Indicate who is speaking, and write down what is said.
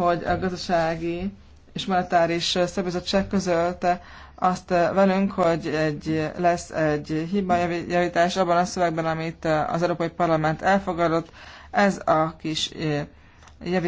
Speaker 1: hogy a gazdasági és monetáris szabizottság közölte azt eh, velünk, hogy egy, lesz egy hibajavítás abban a szövegben, amit eh, az Európai Parlament elfogadott. Ez a kis eh, javítás